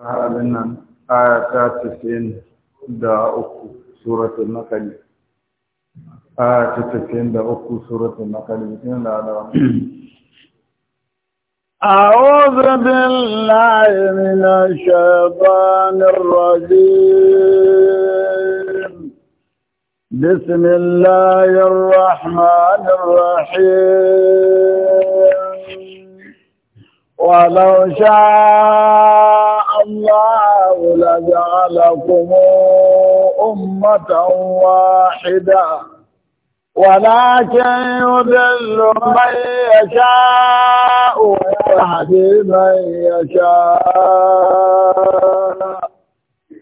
abin nan aya ta tafiyin da uku suratun nakali aya ta tafiyin da uku suratun nakali yana da أعوذ بالله من الشيطان الرجيم بسم الله الرحمن الرحيم ولو شاء الله لجعلكم أمة واحدة ولكن يضل من يشاء ويهدي من يشاء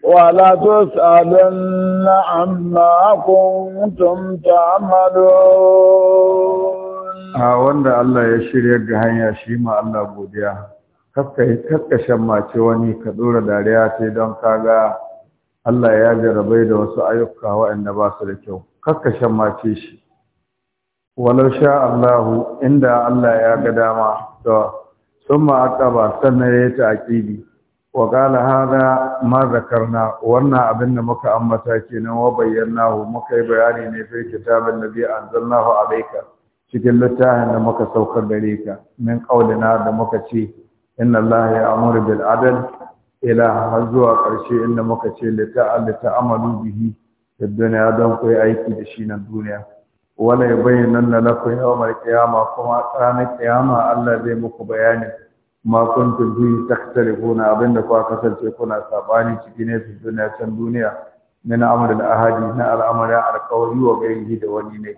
ولتسألن عما كنتم تعملون. آه الله يشير يجهن يشيم الله بوديا. kakka mace wani ka dora dariya ce don kaga Allah ya jarabai da wasu ayyuka waɗanda ba su da kyau kakka mace shi walau sha Allahu inda Allah ya ga dama to sun ba sannan ya yi ta'aƙibi wa ƙala hada ma zakarna wannan abin da muka ambata kenan wa hu muka yi bayani ne fi kitabin da bi anzalnahu alayka cikin littafin da muka saukar gare ka min qaulina da muka ce inna allaha ya'muru bil adl ila har zuwa ƙarshe inda muka ce lita amalu bihi da duniya don ku yi aiki da shi na duniya wala ya bayyana na lafi yawon kiyama kuma ranar kiyama Allah zai muku bayani ma kuntum bihi takhtalifuna abinda kuka kasance kuna sabani ciki ne su duniya can duniya min amr al ahadi na al'amari alqawli wa gairihi da wani ne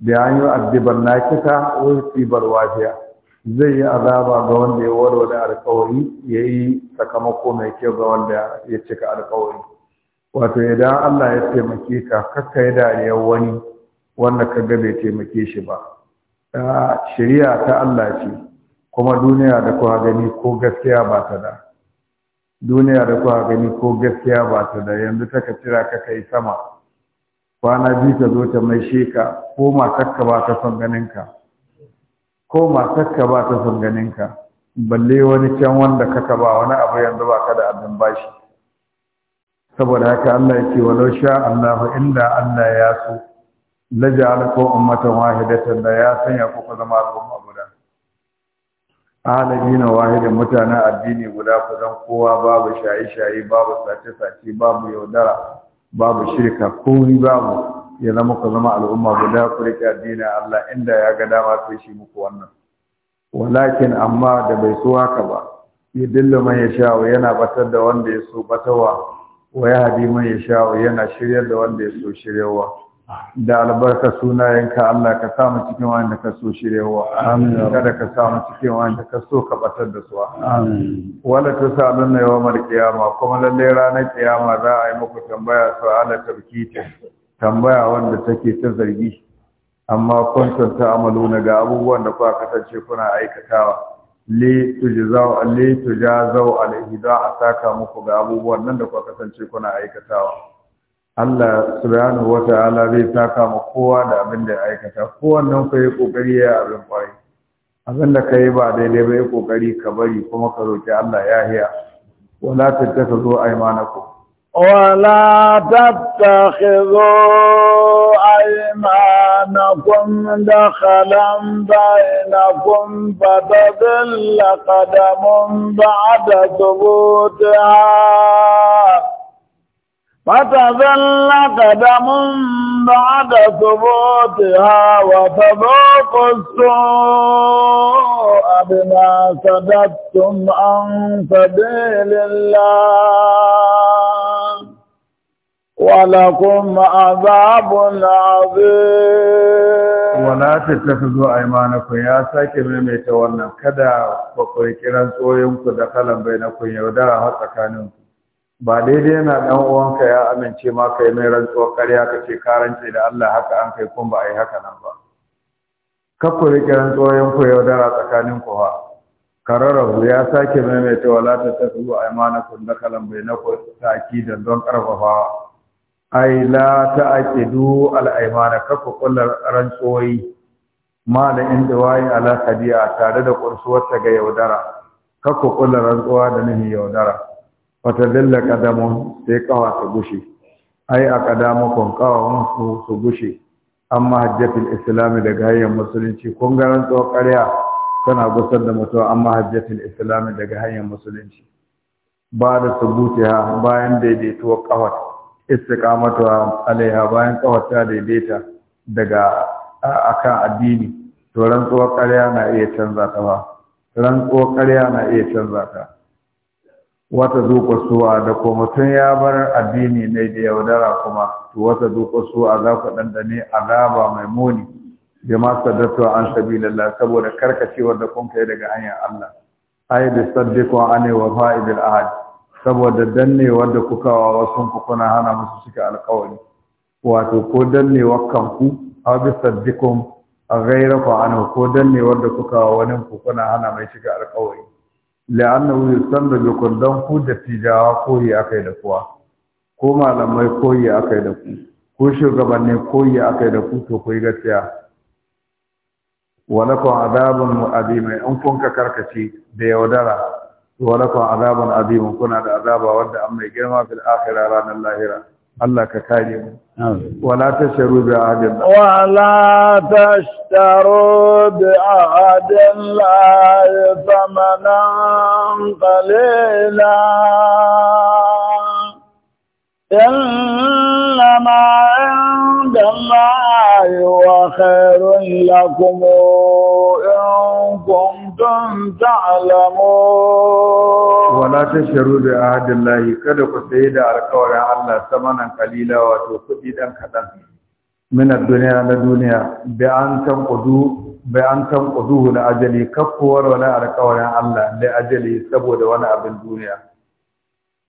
da an yi addiban nakita wa tibar wafiya zai yi azaba ga wanda ya warware alkawari ya yi sakamako mai kyau ga wanda ya cika alkawari wato idan Allah ya taimake ka kakka ya dariyar wani wanda ka ga bai taimake shi ba shari'a ta Allah ce kuma duniya da kuwa gani ko gaskiya ba ta da duniya da kuwa gani ko gaskiya ba ta da yanzu ta ka cira ka kai sama kwana biyu ta zo ta mai sheka ko ma kakka ba ta son ganinka ko matarka ba ta son ganinka balle wani can wanda kaka ba wani abu yanzu ba ka da abin bashi saboda haka Allah ya ce walau sha Allah inda Allah ya so laja ko ummatan wahidatan da ya sanya ku zama al'umma guda alamina wahidin mutanen addini guda ku zan kowa babu shaye-shaye babu sace-sace babu yaudara babu shirka komai babu ya zama ku zama al'umma guda ku riƙe addinin Allah inda ya ga dama sai shi muku wannan walakin amma da bai so haka ba ya dilla man ya sha yana batar da wanda ya so batawa wa ya hadi man ya sha yana shiryar da wanda ya so shiryarwa. da albarka sunayenka Allah ka sa mu cikin wanda ka so shiryarwa. amin kada ka sa mu cikin wanda ka so ka batar da su amin wala tusaluna yawmal kiyama, kuma lallai ranar kiyama za a yi muku tambaya su ala tabkita tambaya wanda take ta zargi amma kuntum ta'maluna ga abubuwan da kuka kasance kuna aikatawa li tujzau li tujazau alaihi za a saka muku ga abubuwan nan da kuka kasance kuna aikatawa Allah subhanahu ala zai saka ma kowa da abin da ya aikata kowannan ku yi kokari ya abin kwari abin da ka yi ba daidai ba yi kokari ka bari kuma ka roƙi Allah ya hiya wala aima aymanakum ولا تتخذوا أيمانكم دخلا بينكم فتذل قدم بعد ثبوتها فتذل قدم بعد ثبوتها وتذوقوا السوء بما سددتم عن سبيل الله ولكم عذاب عظيم ولا تتخذوا ايمانكم يا ساكي ميميتا wannan kada bakwai kiran tsoyinku da kalan bainakun yaudara har tsakanin ba dai-dai yana dan uwanka ya amince ma kai mai rantsuwar karya ka ce karance da Allah haka an kai kun ba ai haka nan ba kakku rike rantsuwoyinku yaudara tsakanin ku ha kararrahu ya sake maimaita wala ta tafi wa aimanakum da kalan bainakum ta'kidan don karfafawa ai la ta'qidu al-aymana kafa kullar rantsoyi ma da inda wai ala hadiya tare da ta ga yaudara kafa kullar rantsuwa da nahi yaudara wata dalla kadamu sai kawa su gushi ai a kadamakon kawa su su gushi amma hajjatul islam daga hayyan musulunci kun ga ƙarya tana gusar da mutum amma hajjatul islam daga hayyan musulunci ba da subutiya bayan daidaituwar kawar istiqamatu alaiha bayan kawata daidaita daga akan addini to rantsuwar ƙarya na iya canza ta ba rantsuwar ƙarya na iya canza ta wata zuƙa suwa da ko mutum ya bar addini ne da yaudara kuma to wata zuƙa suwa za ku ɗanɗane azaba mai muni da ma saddatu an sabilillah saboda karkacewar da kun kai daga hanyar Allah ai bi saddiqu ani wa fa'idil ahad saboda dannewar da kuka wa wasu ku kuna hana musu cika alƙawari wato ko dannewar kanku aw bi saddikum a anhu ko dannewar da kuka wa wani ku kuna hana mai cika alƙawari la'annahu yusanna bikum dan ku da tijawa koyi akai da kuwa ko malamai koyi akai da ku ko shugabanni koyi akai da ku to koyi gaskiya walakon adabun mu'azimai in kun ka karkace da yaudara wa lakum adhabun kuna da azaba wadda an mai girma fil akhira ranar lahira Allah ka kare mu wa la tashru bi ahadin wa la tashru bi ahadin la thamana qalilan إن ما عند الله وخير لكم إن كنتم تعلمون ولا تشروا بعهد الله كده قصيدة أركور الله ثمنا قليلا وتوكدي دم من الدنيا لدنيا بأنتم قدو بأنتم قدوه لأجلي كفور ولا أركور الله لأجلي سبود ولا أبن الدنيا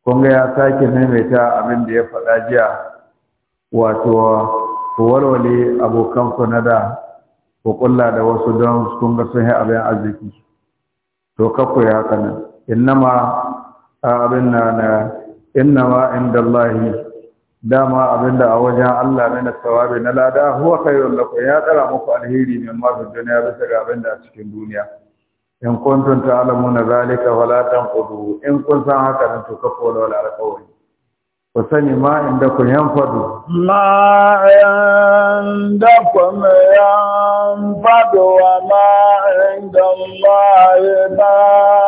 kunga ya sake maimaita abin da ya faɗa jiya wato ku abokan ku na da ku kulla da wasu don kun ga sun yi abin arziki to kakku ya haka nan innama abin na na innama inda Allahi dama abin da a wajen Allah na sawabi na lada huwa khairul lakum ya tsara muku alheri min ma duniya bisa ga abin da a cikin duniya in alamu na zalika wala tanqudu in kun san haka nan to kafa wala alqawli ku sani ma inda kun yanfadu ma inda kun yanfadu wa ma inda Allah ba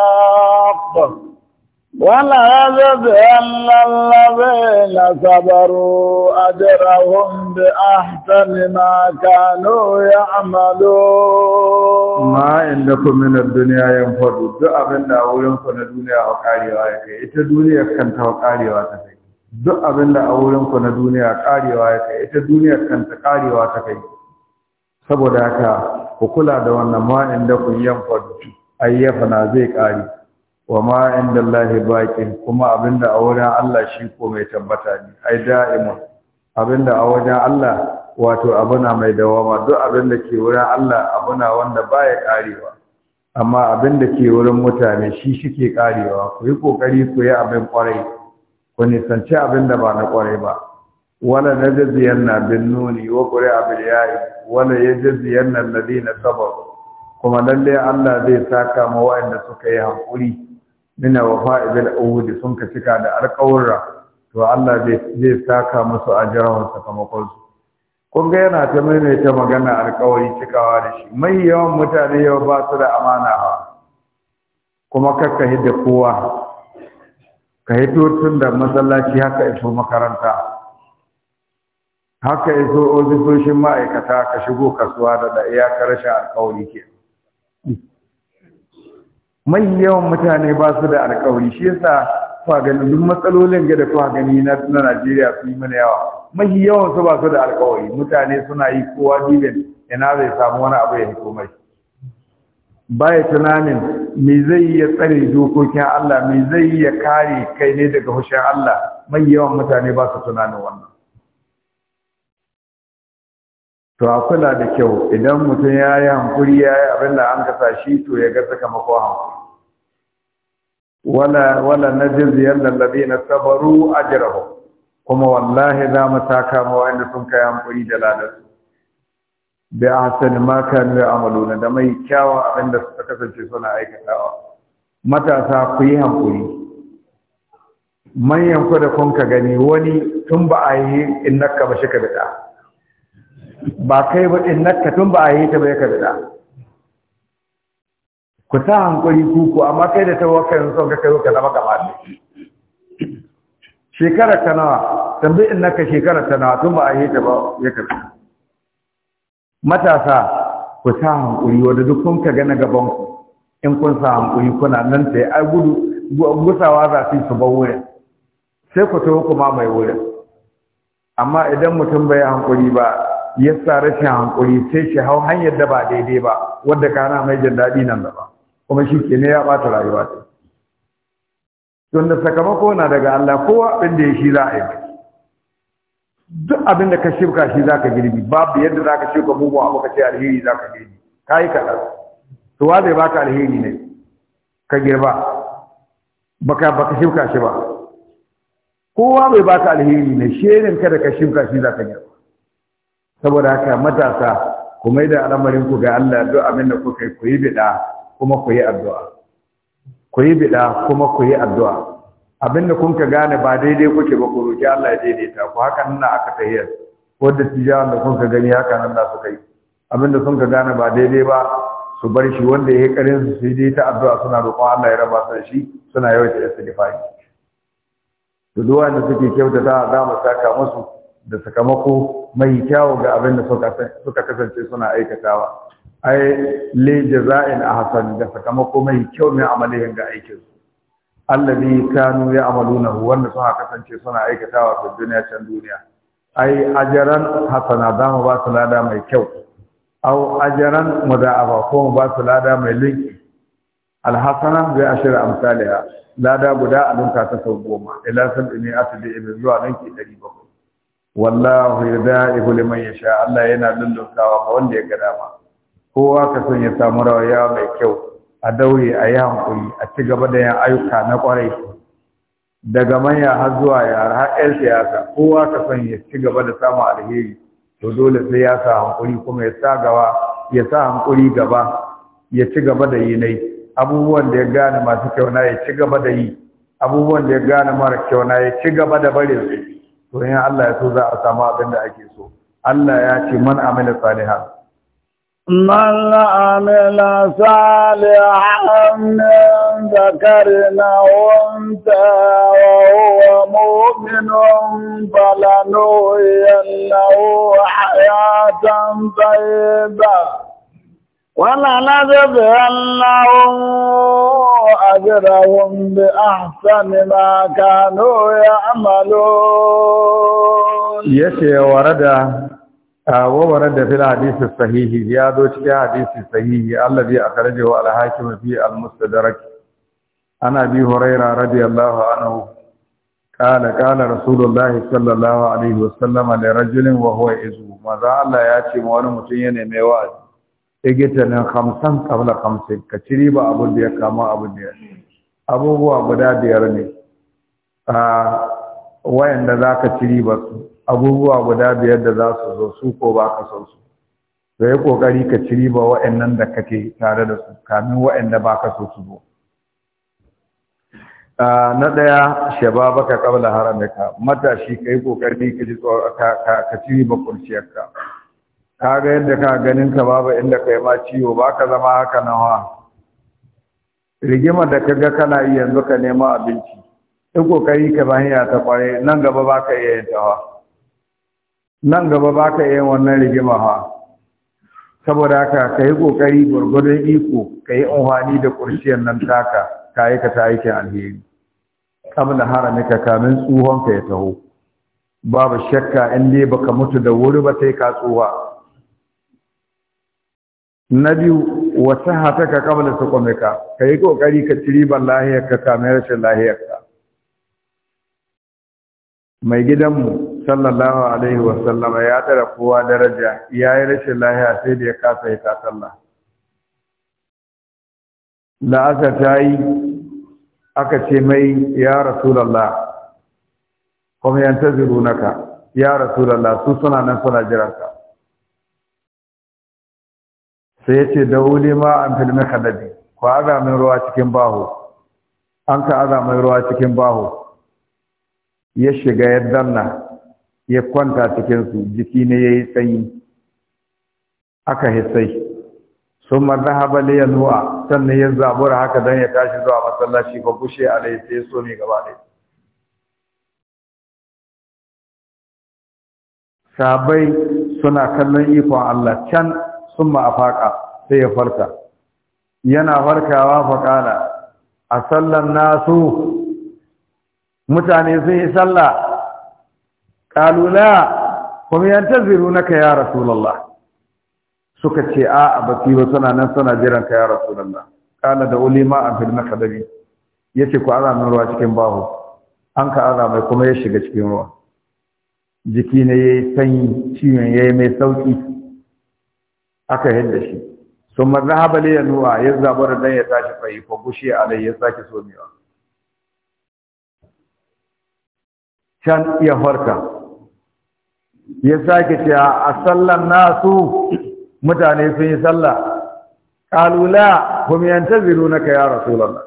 ولنجزين الذين صبروا أجرهم بأحسن ما كانوا يعملون ما عندكم من الدنيا ينفضوا duk abin da wurinku na duniya a karewa ya kai ita duniya ta kai duk abin da a wurinku na duniya karewa ya kai ita duniya kanta karewa ta kai saboda haka ku kula da wannan ma inda kun yanfa ayyafa na zai kare wa ma inda Allahi baƙin kuma abinda a wajen Allah shi ko mai tabbata ne ai da'ima. abinda a wajen Allah wato abuna mai dawama duk abinda ke wurin Allah abuna wanda ba ya karewa amma abinda ke wurin mutane shi shi ke karewa ku yi ƙoƙari ku yi abin ƙwarai, ku nisanci abinda ba na ƙwarai ba wala na na bin nuni wa qura bil ya'i wala na alladhina sabar kuma lalle Allah zai saka ma waɗanda suka yi hankuri mina wa bil ubudi sun ka cika da alƙawarra to Allah zai saka musu ajrahum sakamakon su kun ga yana ta maimaita magana alƙawari cikawa da shi mai yawan mutane yau ba su da amana kuma kakka hidda kowa ka hito tun da masallaci haka iso makaranta haka ya ofisoshin ma'aikata ka shigo kasuwa da da iyakar rashin alkawari ke mai yawan mutane ba su da alkawari shi yasa kuwa gani duk matsalolin da kuwa gani na Najeriya su yi mana yawa mai yawan su ba su da alkawari mutane suna yi kowa dibin ina zai samu wani abu ya yi komai mai baya tunanin me zai iya tsare dokokin Allah me zai ya kare kai ne daga hushin Allah mai yawan mutane ba su tunanin wannan to a kula da kyau idan mutum ya yi hankuri ya yi abin da an kasa shi to ya ga sakamako hankuri wala wala najziyal na sabaru jirahu kuma wallahi za mu taka wa inda sun kai hankuri da ladarsu bi ahsan ma amalu na da mai kyawun abin da suka kasance suna aikatawa matasa ku yi hankuri manyan ku kun ka gani wani tun ba a yi in innaka ba shi ka bi bida ba kai ba ɗin naka tun ba a yi ta ba ka da, ku sa hankali kuku amma kai da tawakkal sun ka kai ka zama kamar shekara ta nawa in naka shekara ta nawa tun ba a yi ta ba ya karda matasa ku sa hankali wanda duk kun ka gana gaban ku in kun sa hankali kuna nan sai ai gudu gusawa za su yi su ban wurin sai ku tawo kuma mai wurin amma idan mutum bai hankali ba ya sa rashin hankuri sai shi hau hanyar da ba daidai ba wadda na mai jin daɗi nan da ba, kuma shi ke ne ya ɓata rayuwa ta da sakamako na daga Allah kowa abin da ya shi za a yi duk abin da ka shirka shi za ka girbi babu yadda za ka shirka bugu a ka ce alheri za ka girbi ka yi kaɗan to wa zai baka alheri ne ka girba baka baka shirka shi ba kowa bai baka alheri ne sherin ka da ka shirka shi za ka girba saboda haka matasa ku mai da al'amarin ku ga Allah duk abin da kuka yi ku yi bida kuma ku yi addu'a ku yi bida kuma ku yi addu'a abin da kun ka gane ba daidai kuke ba ku roki Allah ya daidaita ku haka nan aka tahiyar ko da tijawan da kun ka gani haka nan da suka yi abin da sun ka gane ba daidai ba su bar shi wanda ya yi karin su sai dai ta addu'a suna roƙon Allah ya raba su shi suna yawaita istighfari to duk wanda suke kyautata za mu saka musu da sakamako mai kyawu ga abin da suka kasance suna aikatawa ai le jaza'in ahsan da sakamako mai kyau mai amalihin ga aikin su allazi kanu amaluna, wanda suka kasance suna aikatawa a duniya can duniya ai ajaran hasana da ba su lada mai kyau au ajaran muda'afa ko mu ba su lada mai linki alhasana bi ashir amsalha lada guda a ta sau goma ila ne asibi ibn zuwa linki 700 wallahu ya yudaihu liman sha Allah yana lullukawa ga wanda ya ga dama kowa ka son ya samu rawaya mai kyau a daure a yi hankuri a ci gaba da yin ayyuka na kwarai daga manya har zuwa yara har 'yan siyasa kowa ka son ya ci gaba da samun alheri to dole sai ya sa hankuri kuma ya sa gaba ya sa hankuri gaba ya ci gaba da yi nai abubuwan da ya gane masu kyau na ya ci gaba da yi abubuwan da ya gane mara kyau na ya ci gaba da barin su to in Allah ya so za a samu abin da ake so Allah ya ce man amila saliha man amila saliha min zakarin unta wa huwa mu'minun falanu yanahu hayatan tayyibah ولنجزينهم أجرهم بأحسن ما كانوا يعملون يشي ورد آه، وورد في الحديث الصحيح زيادة في الحديث الصحيح الذي أخرجه الحاكم في المستدرك عن أبي هريرة رضي الله عنه قال قال رسول الله صلى الله عليه وسلم لرجل وهو إذ ماذا الله يأتي موانا متين يمي igitanin hamsin kamar hamsin ka ci ba abin da ya kama abin da ya abubuwa guda biyar ne a da za ka ciri ba su abubuwa guda biyar da za su zo su ko ba ka son su da ya kokari ka ba wayan nan da kake tare da su kamin da ba ka so su zo na ɗaya baka kabla haramika matashi yi kokari ka ji ka ci kurciyarka ka ga yadda ka ganin ka babu inda kai ma ciwo ba ka zama haka na wa rigimar da ka ga kana yi yanzu ka nema abinci in kokari ka hanya ta kware nan gaba ba ka iya yin wa nan gaba ba ka iya wannan rigima ha saboda haka ka yi kokari gwargwadon iko ka yi da kurciyar nan taka ka yi ka ta aikin alheri kamar haramika kamin tsohon ka ya taho babu shakka in dai baka mutu da wuri ba sai ka tsuwa na biyu wata ka kabla su kwamika ka yi kokari ka ci riban lahiyarka kamar rashin lahiyarka mai gidanmu sallallahu alaihi sallama, ya tsara kowa daraja ya yi rashin lahiya sai da ya kasa yi tasalla. da aka ta yi aka ce mai ya rasulallah kuma yanta naka, ya rasulallah su suna nan suna jiranka sai ya ce da wuli ma an filmi kadabi ko aza mai ruwa cikin baho an ka aza ruwa cikin baho ya shiga ya danna ya kwanta cikinsu jiki ne ya yi tsayi. aka hisai sun mazahaba ya nuwa sannan ya zabura haka don ya tashi zuwa masallaci ba bushe a da sai so ne gaba ɗaya sabai suna kallon ikon Allah can summa afaqa sai ya farka yana farkawa A sallan nasu mutane sun yi sallah qalu la kuma ka ya rasulullah suka ce a baki ba suna nan suna jiran ka ya rasulullah qala da ulima an fil Ya ce ku azamin ruwa cikin baho an ka mai kuma ya shiga cikin ruwa jiki ne yi sanyi ciwon yayi mai sauƙi. aka yadda shi sun habali ya nuwa ya da dan ya tashi fayi ko gushe alai ya sake so mewa? can iya farka ya sake ce a sallan nasu mutane sun yi sallah kalula hum yantazirunaka ya rasulullah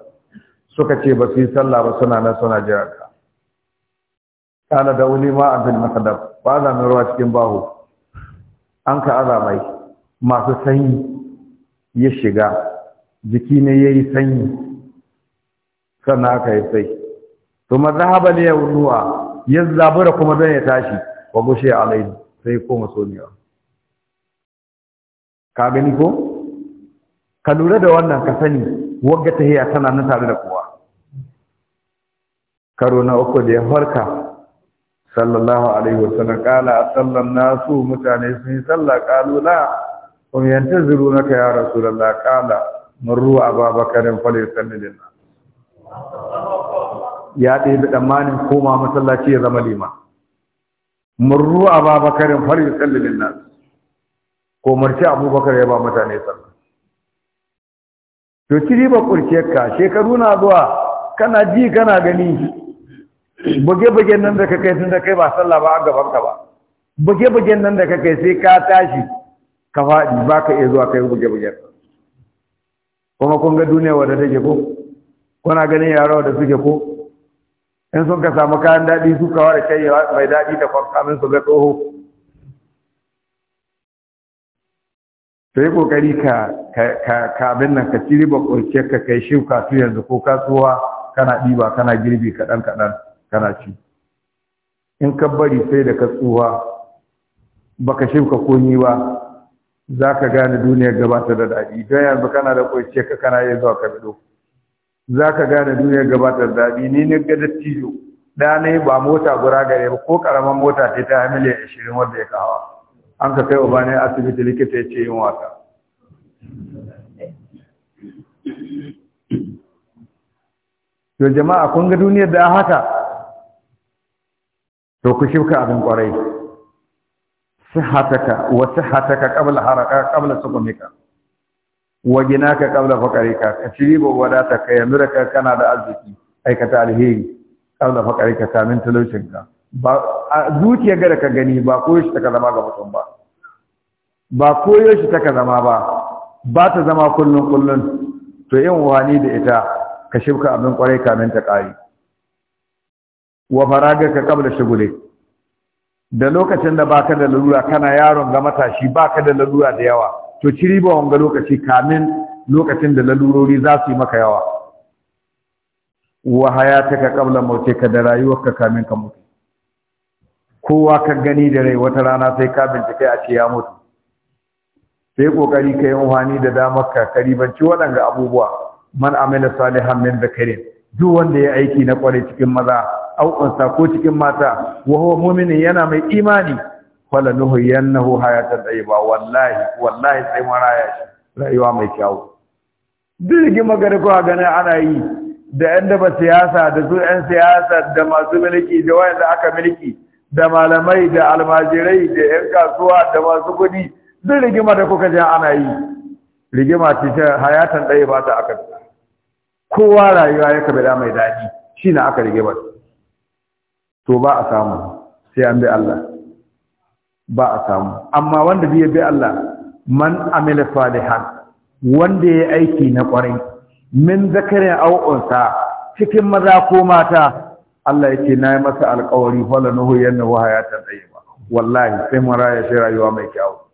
suka ce ba su yi sallah ba suna nan suna ka kana da wuli ma abin ba za mu ruwa cikin baho an ka azamai masu sanyi ya shiga jiki ne ya yi sanyi sannan aka yi sai to mazahaba ne ya wuluwa ya zabura kuma zai ya tashi wa gushe alaihi sai koma sonewa ka gani ko ka lura da wannan ka sani wagga tahiya tana nan tare da kowa karo na uku da ya farka sallallahu alaihi wasallam kala sallan nasu mutane sun yi sallah kalu la kuma yanta zuru na ka ya rasulallah kala marru ababakarin fali sallin na ya ɗaya da ɗamanin koma masallaci ya zama lima marru ababakarin fali sallin na ko marci abubakar ya ba mutane sallah to kiri ba ka shekaru na zuwa kana ji kana gani buge-bugen nan da ka kai sun da kai ba sallah ba a gaban ka ba buge-bugen nan da ka kai sai ka tashi Kafa faɗi ba ka iya zuwa kai buge-buge kuma kun ga duniya wadda take ko kuna ganin yara wadda suke ko in sun ka samu kayan daɗi su kawar da kai mai daɗi da kwakamin su ga tsoho to yi ƙoƙari ka abin nan ka ciri ba ƙurce ka kai shuka tu yanzu ko kasuwa kana ɗiba kana girbi kaɗan-kaɗan kana ci in ka bari sai da ka tsuwa baka ka komi ba za ka gane duniyar gabata da daɗi don yanzu kana da kwace ka kana yin zuwa kabido za ka gane duniyar gabata da daɗi ni ne ga dattijo da ba mota gura gare ba ko karaman mota ce ta miliyan ashirin wanda ya kawo an ka kai uba ne asibiti likita ya ce yin wasa to jama'a kun ga duniyar da haka to ku shuka abin kwarai sihataka wa sihataka qabla haraka qabla sukumika wa ginaka qabla faqarika ka shiri wadata ka yanzu ka kana da arziki aikata alheri qabla faqarika kamin talaucinka ba zuciya gare ka gani ba koyo shi taka zama ga mutum ba ba koyo shi taka zama ba ba ta zama kullun kullun to yin wani da ita ka shibka abin kwarai kamin ta kai wa ka qabla shugule. da lokacin da baka da lalura kana yaron ga matashi baka da lalura da yawa to ciri ba wanga lokaci kamin lokacin da lalurori za su yi maka yawa wa hayataka qabla ka da rayuwarka kamin ka mutu kowa ka gani da rai wata rana sai ka bincike a ce ya mutu sai kokari ka yi amfani da damar ka karibanci waɗanga abubuwa man amila salihan min dhakarin duk wanda ya aiki na kwarai cikin maza au unsa ko cikin mata wa huwa mu'minin yana mai imani Nuhu, Yannahu hayatan tayyiba wallahi wallahi sai mun raya shi rayuwa mai kyau dirgin magana ko gane ana yi da yan daba siyasa da su yan siyasa da masu mulki da da aka mulki da malamai da almajirai da yan kasuwa da masu kudi duk rigima da kuka ji ana yi rigima ce ta hayatan ɗaya ba ta aka kowa rayuwa ya kabila mai daɗi shi na aka rige ba to ba a samu sai an bi Allah ba a samu amma wanda biya bi Allah man amila salihan wanda ya aiki na kwarai min zakarin au'unsa cikin maza ko mata Allah yake na yi masa alƙawari wala nuhu yanna wa hayata tayyiba wallahi sai mun raya shi rayuwa mai kyau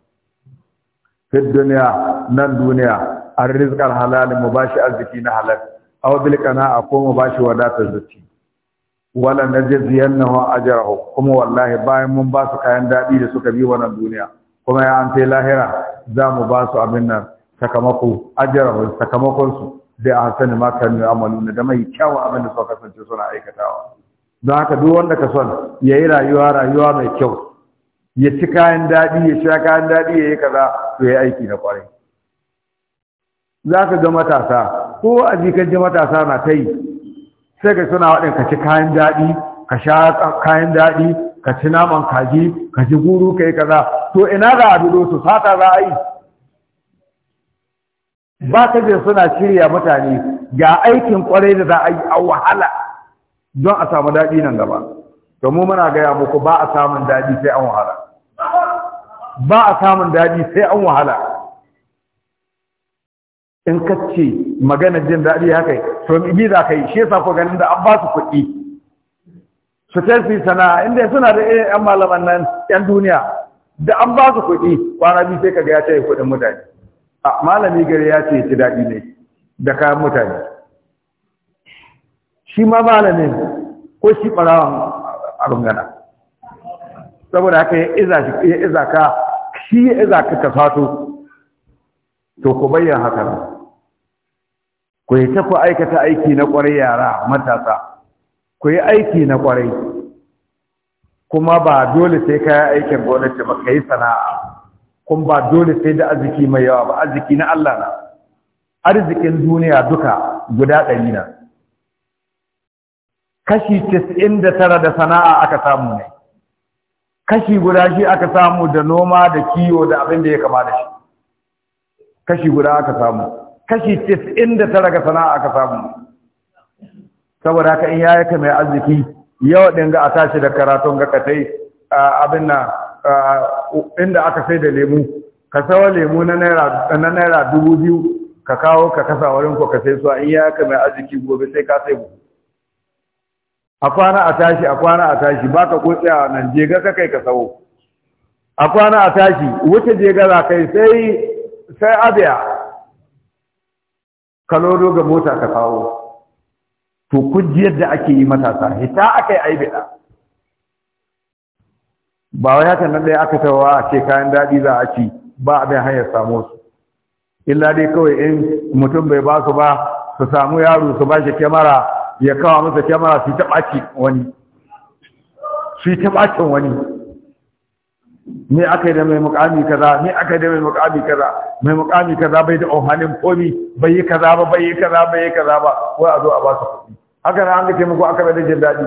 fi duniya nan duniya arrizqal halal mubashi arziki na halal aw bil qana'a ko bashi wadatar zuci wala wa ajrahu kuma wallahi bayan mun ba su kayan daɗi da suka bi wannan duniya kuma ya an lahira za mu ba su abin nan sakamako ajrahu sakamakon su a ahsani ma yi amalu da mai kyawun abin da suka kasance suna aikatawa don haka duk wanda ka son yayi rayuwa rayuwa mai kyau ya ci kayan daɗi ya sha kayan daɗi ya yi kaza to ya aiki na kwarai za ka ga matasa ko a jikan ji matasa na ta yi sai ga suna waɗin ka ci kayan daɗi ka sha kayan daɗi ka ci naman kaji ka ji guru ka yi kaza to ina za a bido su sata za a yi ba ta je suna shirya mutane ga aikin kwarai da za a yi a wahala don a samu daɗi nan gaba mu muna gaya muku ba a samun daɗi sai an wahala ba a samun daɗi sai an wahala in kacce magana jin daɗi haka to mi za ka yi shi yasa ko ganin da an ba su kuɗi su ta su sana'a inda suna da irin yan malaman nan yan duniya da an ba su kuɗi kwana biyu sai kaga ya ce kuɗin mutane a malami gari ya ce ci daɗi ne da kayan mutane shi ma malamin ko shi ɓarawan a rungana saboda haka ya iza ka shi ya iza ka ka fato to ku bayyana haka ku yi ta ku aikata aiki na ƙwarai yara matasa ku yi aiki na kwarai. kuma ba dole sai ka yi aikin gwamnati ba ka yi sana'a kuma ba dole sai da arziki mai yawa ba arziki na Allah na arzikin duniya duka guda ɗari na kashi casa'in da tara da sana'a aka samu ne kashi guda shi aka samu da noma da kiwo da abin da ya kama da shi kashi guda aka samu kashi tara ga sana'a aka samu saboda haka in yayi ka mai arziki yau din ga a tashi da karatun ga katai abin na inda aka sai da lemu ka sawa lemu na naira na naira dubu biyu ka kawo ka kasa wurin ko ka sai su in yayi ka mai arziki gobe sai ka sai mu a kwana a tashi a kwana a tashi baka ko tsaya nan je ga kai ka sawo a kwana a tashi wuce je ga kai sai sai abiya ka ga mota ka kawo to kujiyar da ake yi matasa hita aka yi aibida ba wani hakan nan ɗaya aka tawa a ce kayan daɗi za a ci ba abin hanyar samu su illa dai kawai in mutum bai ba su ba su samu yaro su ba shi kyamara ya kawo masa kyamara su taɓaci wani su yi wani me aka yi da mai mukami kaza me aka yi da mai mukami kaza mai mukami kaza bai da ohalin komi bai yi kaza ba bai yi kaza bai yi kaza ba wai a zo a ba su kuɗi haka na an ga taimako aka bai da jin daɗi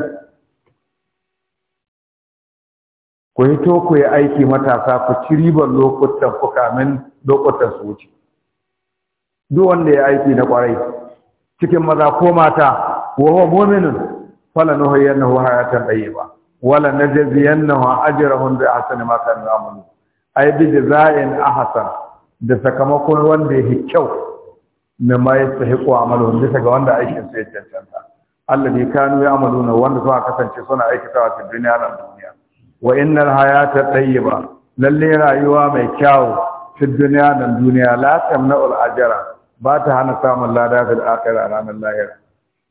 ku yi to ku yi aiki matasa ku ci ribar lokutan ku kamin lokutan su wuce duk wanda ya aiki na kwarai cikin maza ko mata wa huwa mu'minun fala nuhayyanahu hayatan tayyiba wala najziyannahu hundu bi ahsani maka kanu ya'malun ai bi a ahsan da sakamakon wanda ya kyau na ma yastahiqu amaluhum bisa ga wanda aikin sai ya cancanta ne kanu na wanda suka kasance suna ta a duniya na duniya wa innal hayata tayyiba lalle rayuwa mai kyau ta duniya na duniya la tamna'ul ajra ba ta hana samun lada fil akhirah ranar lahira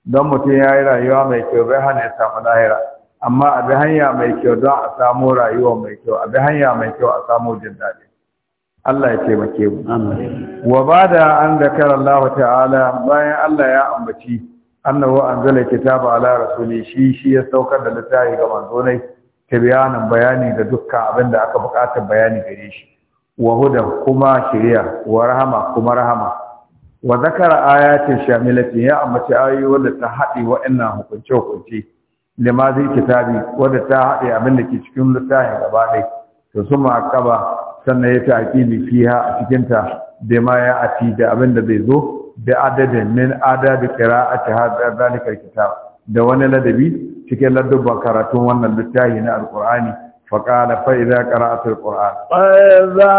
don mutum ya yi rayuwa mai kyau bai hana ya samu lahira amma abi hanya mai kyau don a samu rayuwa mai kyau abi hanya mai kyau a samu jin daɗi Allah ya taimake mu wa bada an zakara Allah ta'ala bayan Allah ya ambaci annahu anzala kitaba ala rasuli shi shi ya saukar da littafi ga manzo ne tibyanan bayani da dukkan abin da aka buƙata bayani gare shi wa huda kuma shari'a wa rahama kuma rahama wa zakara ayatin shamilatin ya ambaci ayoyi wanda ta haɗi wa'annan hukunce hukunce lima zai kitabi wadda ta haɗe abin da ke cikin littafin gaba ɗai to sun ma'akaba sannan ya taƙibi fiha a cikinta da ma ya ati da abin da zai zo da adadin min adadi qira'ati hadha zalikal kitab da wani ladabi cikin ladabban karatun wannan littafi na alqur'ani فقال فإذا قرأت القرآن فإذا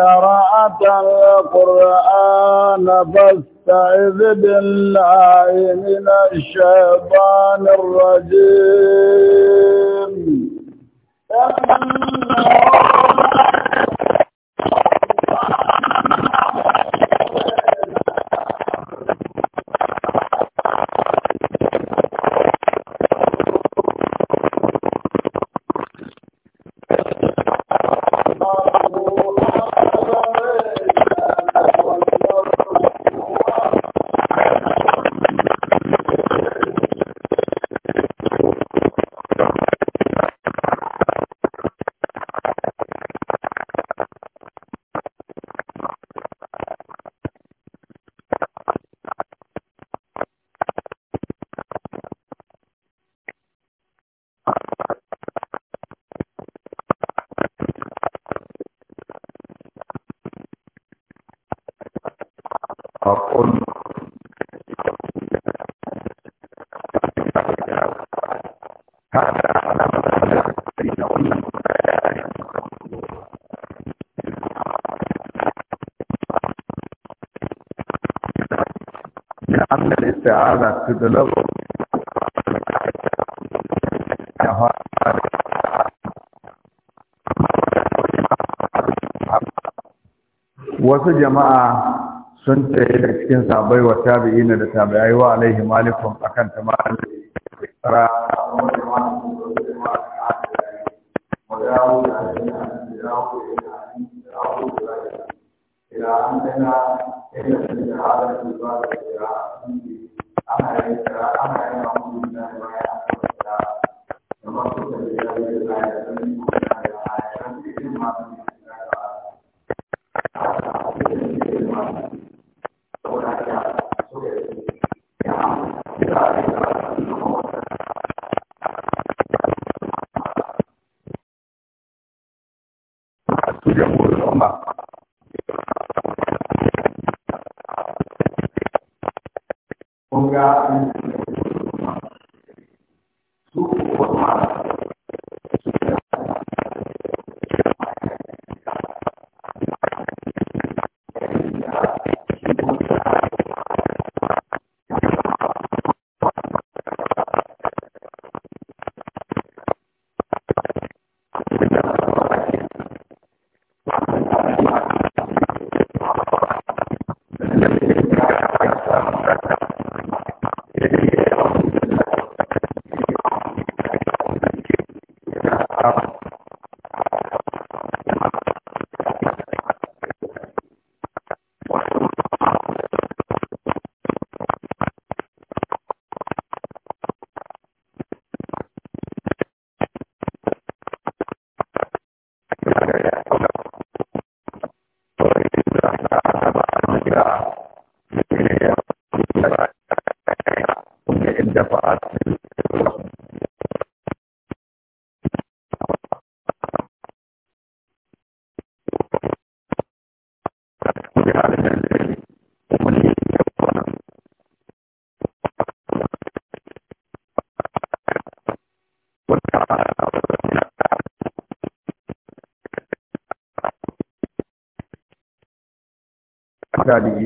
قرأت القرآن فاستمع أستعذ بالله من الشيطان الرجيم wasu jama'a sun tsaye da cikin sabai wa tabi'ina da tabi'ai wa alaihi malikun akan tamarin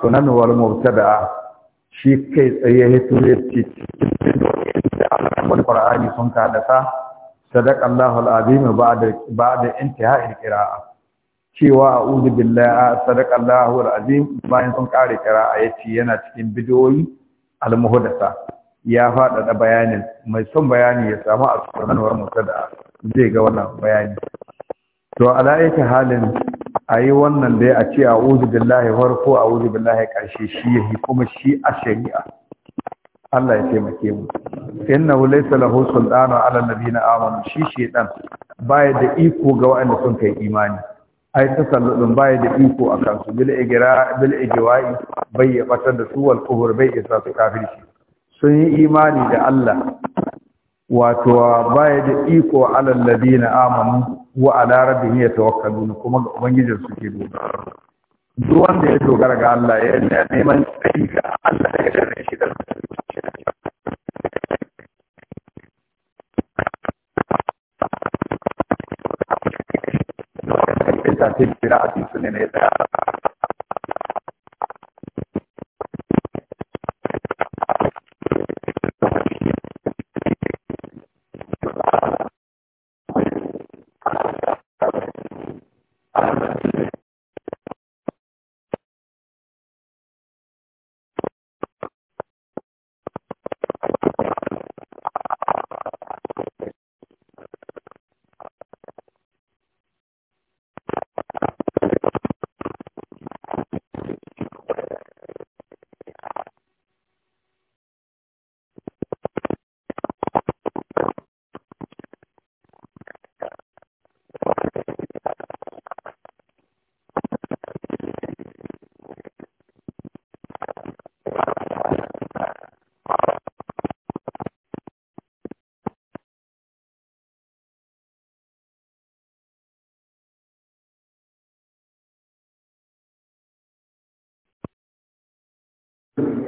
sunan wal mubtada shi kai tsaye hito ya da wani qur'ani sun ka dasa sadaqa Allahu al-azim ba'da ba'da intihai al-qira'a cewa a'udhu billahi ah, sadaqa Allahu al-azim bayan sun kare qira'a yace yana cikin bidiyoyi al-muhdatha ya faɗaɗa bayanin mai son bayani ya samu a tsoronwar mutu da zai ga wannan bayani to ala yake halin a yi wannan dai a ce a uzu billahi farko a uzu billahi karshe shi ya yi kuma shi a shari'a Allah ya taimake mu inna hu laysa lahu sultana ala nabiyina amanu shi shedan baya da iko ga waɗanda sun kai imani ai tasalludin baya da iko a kansu bil igira bil bai ya batar da su wal kufur bai isa su kafirci sun yi imani da Allah wato baya da iko ala ladina amanu wa ala rabbihim yatawakkalun kuma ga ubangijin su ke dogaro duk wanda ya dogara ga Allah ya neman tsayi ga Allah ya gane shi da ta ce kira a cikin ne da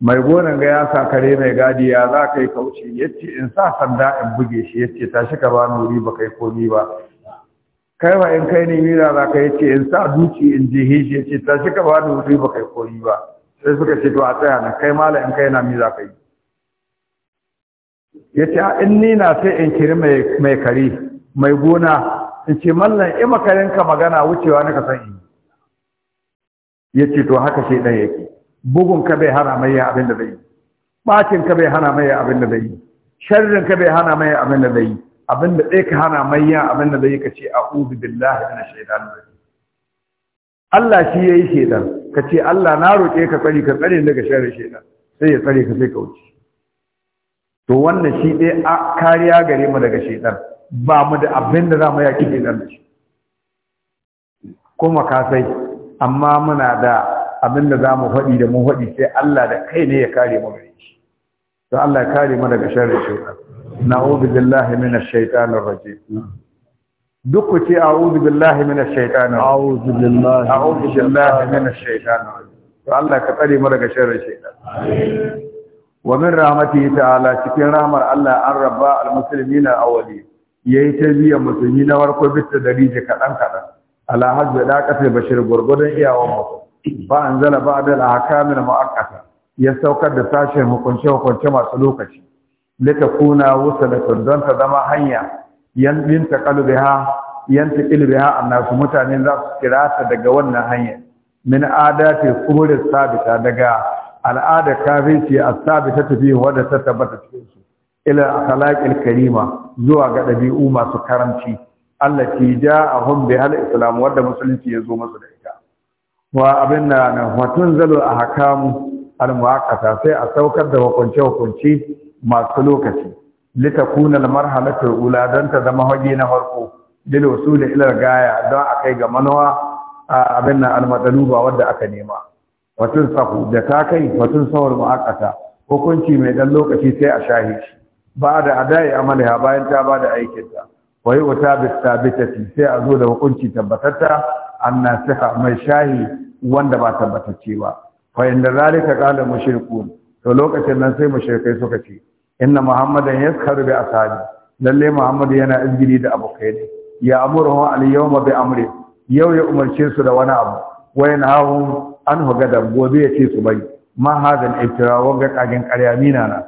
mai gonan ga ya sa kare mai gadi ya za ka yi kauce ya ce in sa sanda in buge shi ya ce tashi ka ba nuri ba kai komi ba kai ba in kai ne mira za ka yi ce in sa duki in je shi ya ce tashi ka ba nuri ba kai komi ba sai suka ce to a tsaya na kai mala in kai na mi za ka yi ya ce in ni na sai in kiri mai kare mai gona in ce mallan ima karenka magana wucewa na ka san yi ya ce to haka shi ɗan yake bugun ka bai hana mai abin da zai yi bakin ka bai hana mai abin da zai yi sharrin ka bai hana mai abin da zai yi abin da ɗaya ka hana mai abin da zai yi ka ce a'udhu billahi minash shaitanir rajim Allah shi yayi shedan ka ce Allah na roƙe ka tsare ka tsare daga sharrin shedan sai ya tsare ka sai ka wuce to wannan shi ɗaya a kariya gare mu daga shedan ba mu da abin da za mu yaki shedan da shi kuma ka sai amma muna da abin da za mu faɗi da mu faɗi sai Allah da kai ne ya kare mu gare shi to Allah ya kare mu daga sharrin shaytan na'udhu billahi minash shaitanir rajim duk ku ce a'udhu billahi minash shaitanir a'udhu billahi a'udhu billahi minash shaitanir rajim to Allah ka tsare mu daga sharrin shaytan amin wa min rahmatihi ta'ala cikin rahmar Allah an rabba al-muslimina awwali yayi tarbiyyar musulmi na farko bitta darije kadan kadan ala hazza da kasai bashir gurgudan iyawan mutum ba an zala ba da al'akamin ma'akata ya saukar da sashen hukunce hukunce masu lokaci kuna wusa da don ta zama hanya yan binta qalbiha ha, an annasu mutane za su kira ta daga wannan hanya min adati kumurin sabita daga al'ada kafirci a sabita tafi wadda ta tabbata cikin su ila akhlaqil karima zuwa ga dabi'u masu karamci allati ja'ahum bihal islam wadda musulunci ya zo masu da ita wa abin da na fatun zalo a hakamu almuwakata sai a saukar da hukunce-hukunce masu lokaci litakuna marhalatar ula don ta zama hage na farko lil da ila gaya don kai ga manowa abin nan almataluba wanda aka nema watun sahu da ta kai watun sawar muakkata hukunci mai dan lokaci sai a shahi shi ba da adai ha bayan ta ba da aikin ta wata bisabitati sai a zo da hukunci tabbatatta annasiha mai shahi wanda ba tabbatacce ba fa inda zalika qala mushrikun to lokacin nan sai mushrikai suka ce inna muhammadan yaskharu bi asali lalle muhammad yana izgiri da abokai ne ya amuruhu al yawma bi amri yau ya umarce su da wani abu wa yanhahu an hugada gobe ya ce su bai ma hadan iftira wa ga kagin ƙarya mina na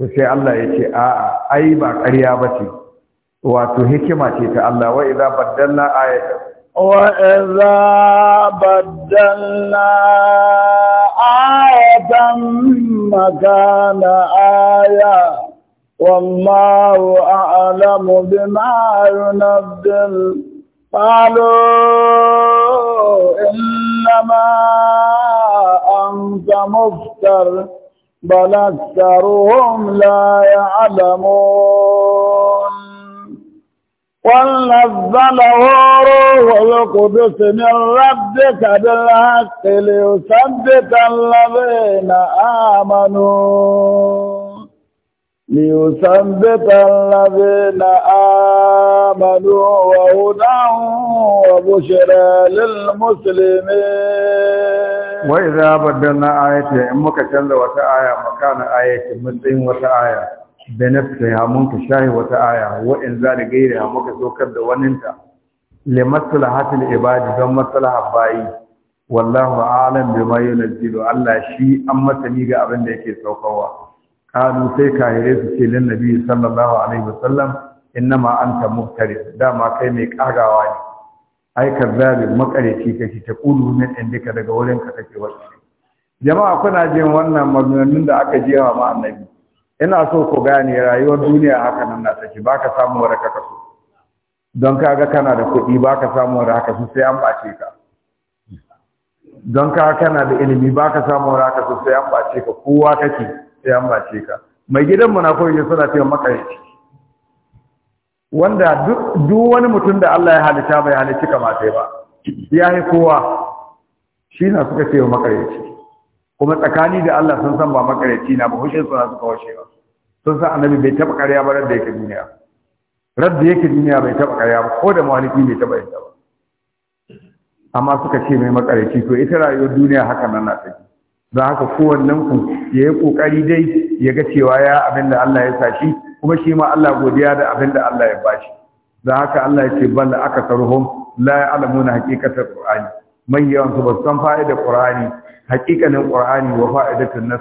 to sai Allah ya ce a'a ai ba ƙarya bace wato hikima ce ta Allah wa idza baddalna ayatan وإذا بدلنا آية مكان آية والله أعلم بما ينزل قالوا إنما أنت مفتر بل أكثرهم لا يعلمون ونزل روح القدس من ربك بالحق ليثبت الذين آمنوا ليثبت الذين آمنوا وهدى وبشرى للمسلمين وإذا بدلنا آية إمك شل وتآية مكان آية من وتآية da nafsa ya mun ka shahi wata aya wa za da gaira ya muka sokar da waninta li maslahatil ibadi don maslahar bayi wallahu a'lam bima yunzilu Allah shi an masani ga abin da yake saukowa kalu sai kahire su ce lin nabi sallallahu alaihi wasallam innama anta muftari dama kai mai kagawa ne ai kazzabi makareci kake ta kulu min indika daga wurin ka kake wani jama'a kuna jin wannan maganganun da aka jewa ma annabi ina so ku gane rayuwar duniya haka nan na take baka samu wanda ka so don kaga kana da kuɗi baka samu wanda haka so sai an bace ka don kaga kana da ilimi baka samu wanda haka so sai an bace ka kowa kake sai an bace ka mai gidan mu na koyi suna cewa yi wanda duk wani mutum da Allah ya halitta bai halitta kamata ba ya yi kowa shi na suka ce makarici kuma tsakani da Allah sun san ba makarici na ba hushin suna suka washe ba sun sa annabi bai taba ƙarya ba radda yake duniya radda yake duniya bai taba ƙarya ba ko da maliki bai taba yadda ba amma suka ce mai makareci to ita rayuwar duniya haka nan na tafi don haka kowannen ku ya yi ƙoƙari dai ya ga cewa ya abin da Allah ya sashi, kuma shi ma Allah godiya da abin da Allah ya bashi? Za don haka Allah ya ce balla aka sarhum la ya'lamuna haqiqatal qur'ani mai yawan su ba san fa'idar qur'ani haqiqanin qur'ani wa fa'idatun nas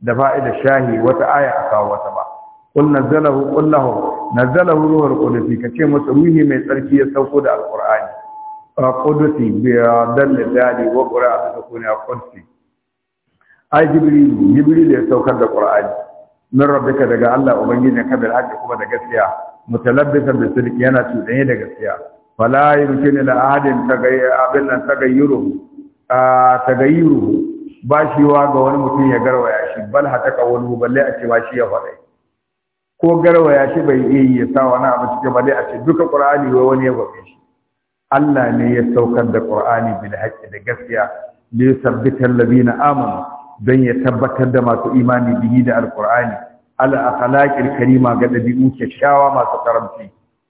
da fa'ida shahi wata aya a kawo wata ba qul nazalahu qul lahu nazzalahu ruhul qudus kace musu ruhi mai tsarki ya sauko da alqur'ani qudusi bi dal dali wa qura'a da kuna qudsi ai jibril jibril ya saukar da qur'ani min rabbika daga Allah Ubangiji ka bil haqqi kuma da gaskiya mutalabbisan da sirki yana cuɗanye da gaskiya fala yumkinu ila ahadin tagayyuru abin nan tagayyuru tagayyuru ba wa ga wani mutum ya garwaya shi bal hata ka wani balle a ce ba shi ya faɗa ko garwaya shi bai iya yi ya sa wani abu cikin balle a ce duka qur'ani wai wani ya faɗe shi Allah ne ya saukar da qur'ani bil haqqi da gaskiya li yuthabbita alladhina amanu don ya tabbatar da masu imani bihi da alqur'ani ala akhlaqil karima ga dabi'u kyakkyawa masu karamci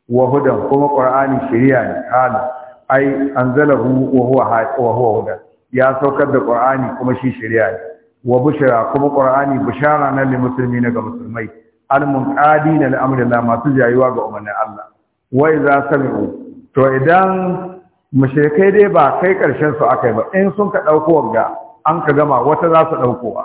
wa hudan kuma qur'ani shari'a ne kana ai anzalahu wa huwa wa huwa hudan ya saukar da ƙur'ani kuma shi shari'a ne wa bushara kuma ƙur'ani bushara na musulmi na ga musulmai al na li amrillah masu jayuwa ga umarnin Allah wa idza sami'u to idan mushrikai dai ba kai karshen su akai ba in sun ka dauko ga an ka gama wata za su daukowa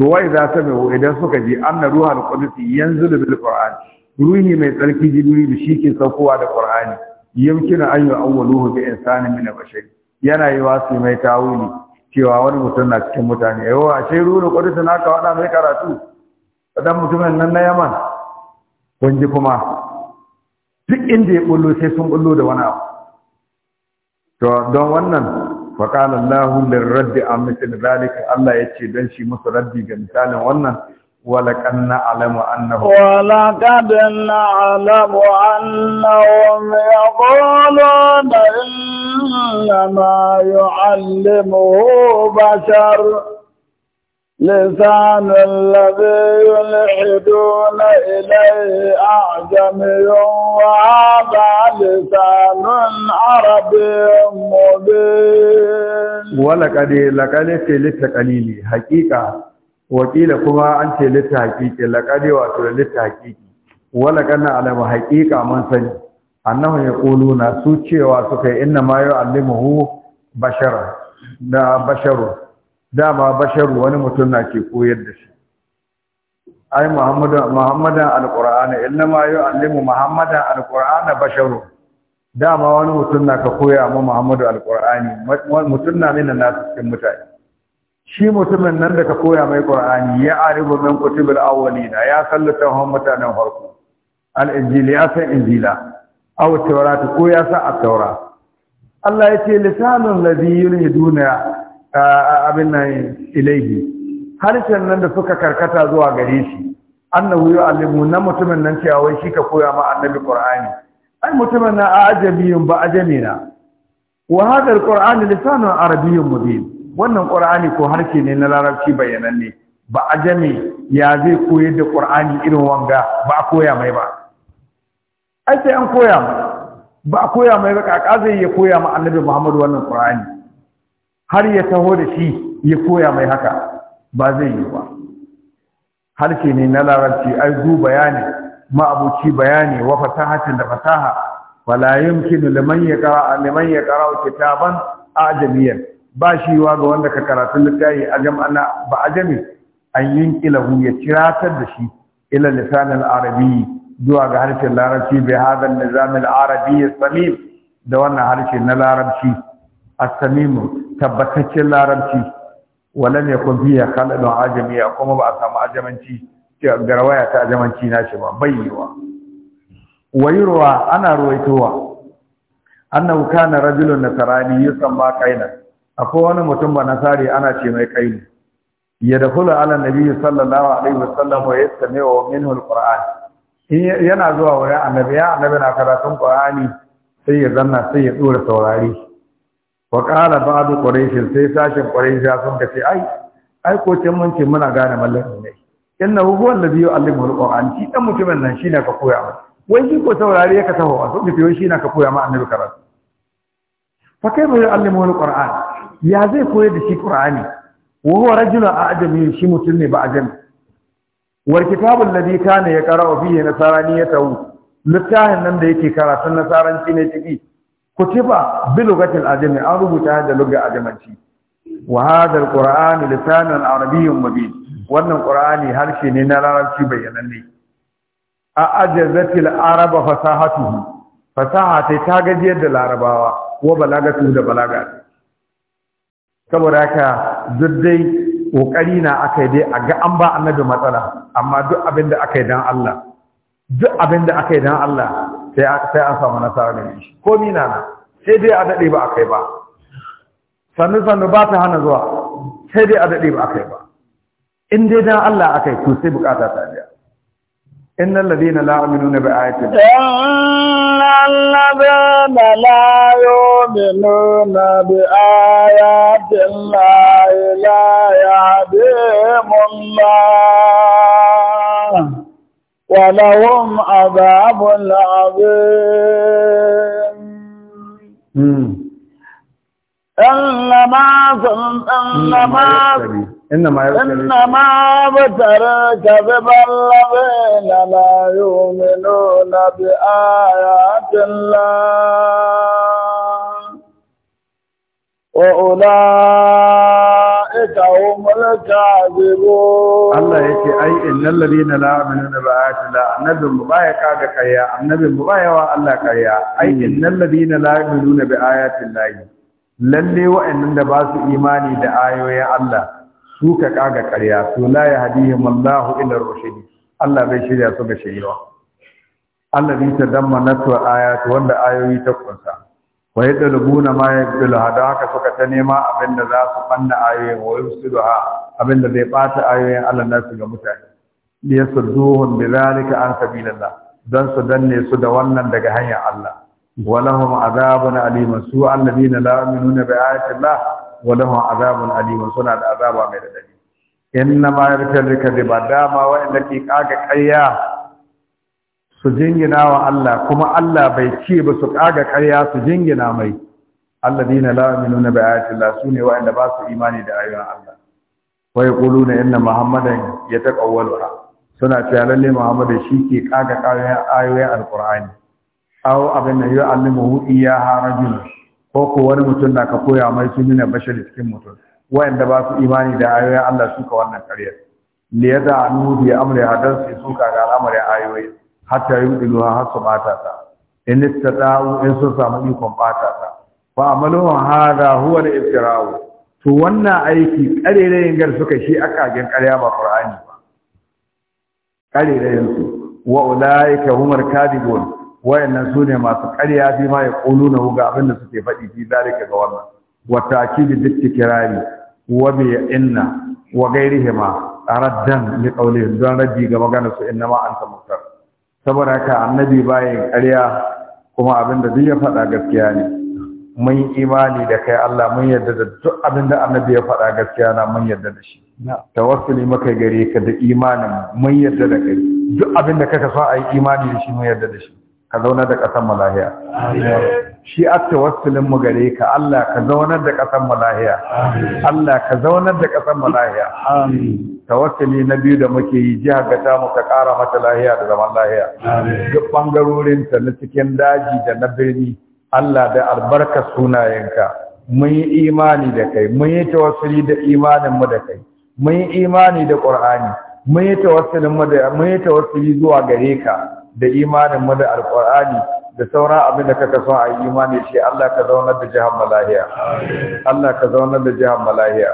to wa idza sami'u idan suka ji anna ruhul qudus da bil qur'ani ruhi mai tsarki da shi ke saukowa da qur'ani yamkinu an yu'awwaluhu bi insanin min al-bashari yana yi wa su mai tawuli cewa wani mutum na cikin mutane yau a shi ruru kwadu suna ka wada mai karatu dan mutumin nan na yaman wanji kuma duk inda ya bullo sai sun bullo da wani abu to don wannan fa qala Allahu raddi am mithl zalika Allah yace don shi musu raddi ga misalin wannan ولكن نعلم أنه ولقد نعلم أنهم يقولون إنما يعلمه بشر لسان الذي يلحدون إليه أعجمي وهذا لسان عربي مبين ولقد لقد في لسه حقيقة wakila kuma an ce littafi ke laƙari wato da littafi wala kana alama haƙiƙa mun sani annahu yaquluna su cewa suka yi inna ma yu'allimuhu bashara da basharu dama basharu wani mutum na ke koyar da shi ai muhammadan muhammadan alqur'ana inna ma yu'allimu muhammadan alqur'ana basharu dama wani mutum na ka koya ma muhammadu alqur'ani mutum na ne na cikin mutane shi mutumin nan da ka koya mai ƙwar'ani ya arifu min kutubul awwalina ya sallata hon mutanen farko al-injili ya san injila aw tawrat ko ya san at-tawrat Allah yace lisanul ladhi yulhiduna abin nan ilaihi harshen nan da suka karkata zuwa gare shi annahu yu'allimu na mutumin nan cewa wai shi ka koya ma annabi qur'ani ai mutumin nan a ajabiyun ba ajamina wa hadha al-qur'anu lisanun arabiyyun mubin wannan ƙur'ani ko harshe ne na larabci ne ba jami ya zai koyar da ƙur'ani irin wanga ba a koya mai ba ai sai an koya ba a koya mai ba kaka zai ya koya ma annabi Muhammadu wannan ƙur'ani. har ya taho da shi ya koya mai haka ba zai yi ba harshe ne na larabci ai du bayani abuci bayani wa fasahatin da fasaha wala yumkinu liman yaqra liman yaqra kitaban ajamiyan ba shi wa ga wanda ka karatun littafi a jam'ana ba a jami an yinkilahu ya ciratar da shi ila lisanin arabi zuwa ga harshen larabci bai hadan nizamin arabi ya samim da wannan harshe na larabci a samimu tabbataccen larabci walam yakun fiya ajami ajamiya kuma ba a samu ajamanci garwaya ta ajamanci na shi ba bayyewa wayurwa ana ruwaitowa annahu kana rajulun nasrani yusamma kainan akwai wani mutum ba nasari ana ce mai kaini ya da kula ala nabi sallallahu alaihi wasallam wa yastami wa minhu alquran yana zuwa wurin annabi ya annabi na karatun qur'ani sai ya zanna sai ya dora saurari wa qala ba'du quraish sai sashin quraish sun kace ai ai ko ce mun ce muna gane mallaka ne inna huwa alladhi yu'allimu alquran shi dan mutumin nan shine ka koya masa wai shi ko saurari ya ka taho a so da shi ne ka koya ma annabi karatu fa kai mu yu'allimu alquran ya zai koyar da shi qur'ani wa huwa rajulun a'jami shi mutum ne ba ajami war kitabul ladhi kana yaqra'u fihi ta'u. littafin nan da yake karatun nasaranci ne tiki kutiba bi lugatil ajami an rubuta da lugar ajamanci wa hadha alqur'anu lisanan arabiyyun mubin wannan qur'ani harshe ne na larabci bayyananne a ajazatil araba fasahatuhu fasaha ta gajiyar da larabawa wa balagatu da balagatu saboda haka duk dai kokari na aka dai a ga an ba annabi matsala amma duk abin da aka yi dan Allah duk abin da aka yi dan Allah sai sai an samu nasara ne shi ko mina na sai dai a dade ba akai ba sannu sannu ba ta hana zuwa sai dai a dade ba akai ba in dai dan Allah akai to sai bukata ta biya innal ladina la yu'minuna bi ayatina الذين لا يؤمنون بآيات الله لا يهديهم الله ولهم عذاب عظيم إنما إنما إنما يبتلى كذب الذين لا يؤمنون بآيات الله وأولئك هم الكاذبون الله يكي أي إن الذين لا يؤمنون بآيات الله النبي مبايا كاغا كيا النبي مبايا والله كيا أي إن الذين لا يؤمنون بآيات الله lalle wa'annan da ba su imani da ayoyin Allah suka kaga karya su la ya hadihim Allahu illa rushdi Allah bai shirya su ga shiriwa Allah bi ta damma natu ayatu wanda ayoyi ta kunsa wa yadlubuna ma yadlu hada haka suka ta nema abinda za su fanna ayoyin wa yusiduha abinda zai bata ayoyin Allah nasu ga mutane liyasudduhum bidhalika an sabilillah dan su danne su da wannan daga hanyar Allah ولهم عذاب أليم سوء الذين لا يؤمنون بآيات الله wa lahum azabun alim suna da azaba mai radadi inna ma yarkal kadiba dama wa inda ke kaga ƙarya su jingina wa Allah kuma Allah bai ce ba su kaga ƙarya su jingina mai alladina la yu'minuna bi ayati Allah sune wa inda ba su imani da ayoyin Allah wa yaquluna inna muhammadan yataqawwaluha suna cewa lalle muhammadu shi ke kaga ƙarya ayoyin alqur'ani aw abin da yu'allimuhu iyyaha rajulun ko ko wani mutum na ka koya mai sun nuna bashari cikin mutum wayanda ba su imani da ayoyin Allah suka wannan karyar li yada ya bi amri hadan su suka ga al'amari ayoyi hatta yudilu ha su bata ta in istata'u in sun samu ikon bata ta fa amalu hada huwa al-iftira'u to wannan aiki karerayen gar suka shi akagen karya ba qur'ani ba karerayen su wa ulaika humar kadibun wayannan su ne masu ƙarya fi ma ya ƙulu na ga abin da suke faɗi fi zalika ga wannan wa ta'kid kira kirari wa bi inna wa ghairihima raddan li qawlihi don raddi ga magana su inna ma anta muktar saboda haka annabi bayan ƙarya kuma abin da duk ya faɗa gaskiya ne mun yi imani da kai Allah mun yarda da duk abin da annabi ya faɗa gaskiya na mun yarda da shi tawassuli maka gare ka da imanin mun yarda da kai duk abin da kaka so a yi imani da shi mun yarda da shi ka zaunar da ƙasar mu lahiya shi attawassulin mu gare ka Allah ka zaunar da ƙasar malahiya Allah ka zaunar da ƙasar malahiya lahiya amin tawassuli na biyu da muke yi jiha ga ta muka ƙara mata lahiya da zaman lahiya duk bangarorin ta na cikin daji da na birni Allah da albarka sunayenka mun yi imani da kai mun yi tawassuli da imanin mu da kai mun yi imani da Qur'ani mun yi tawassulin mu da mun yi tawassuli zuwa gare ka da imanin mu da alqur'ani da sauran abin da kaka so a yi imani shi Allah ka zaunar da jihar malahiya Allah ka zaunar da jihar malahiya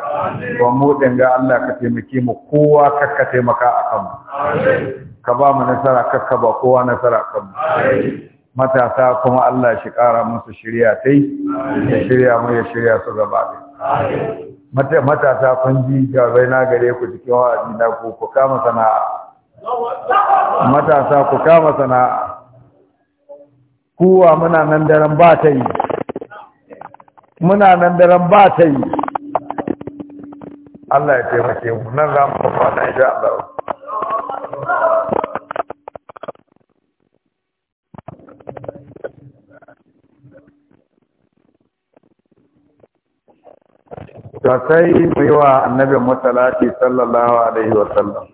wa mu ga Allah ka taimake mu kowa ka taimaka kanmu amin ka ba mu nasara kakka ba kowa nasara kanmu. amin matasa kuma Allah shi ƙara musu shirya tai ya shirya mu ya shirya su gaba matasa kun ji ga na gare ku cikin wa'azi na ku ku kama sana'a matasa ku kama sana'a kuwa muna nan daren ba ta yi muna nan daren ba ta yi Allah ya taimake mu nan za mu kuma na insha Allah ta kai mai wa annabin masalati sallallahu alaihi wasallam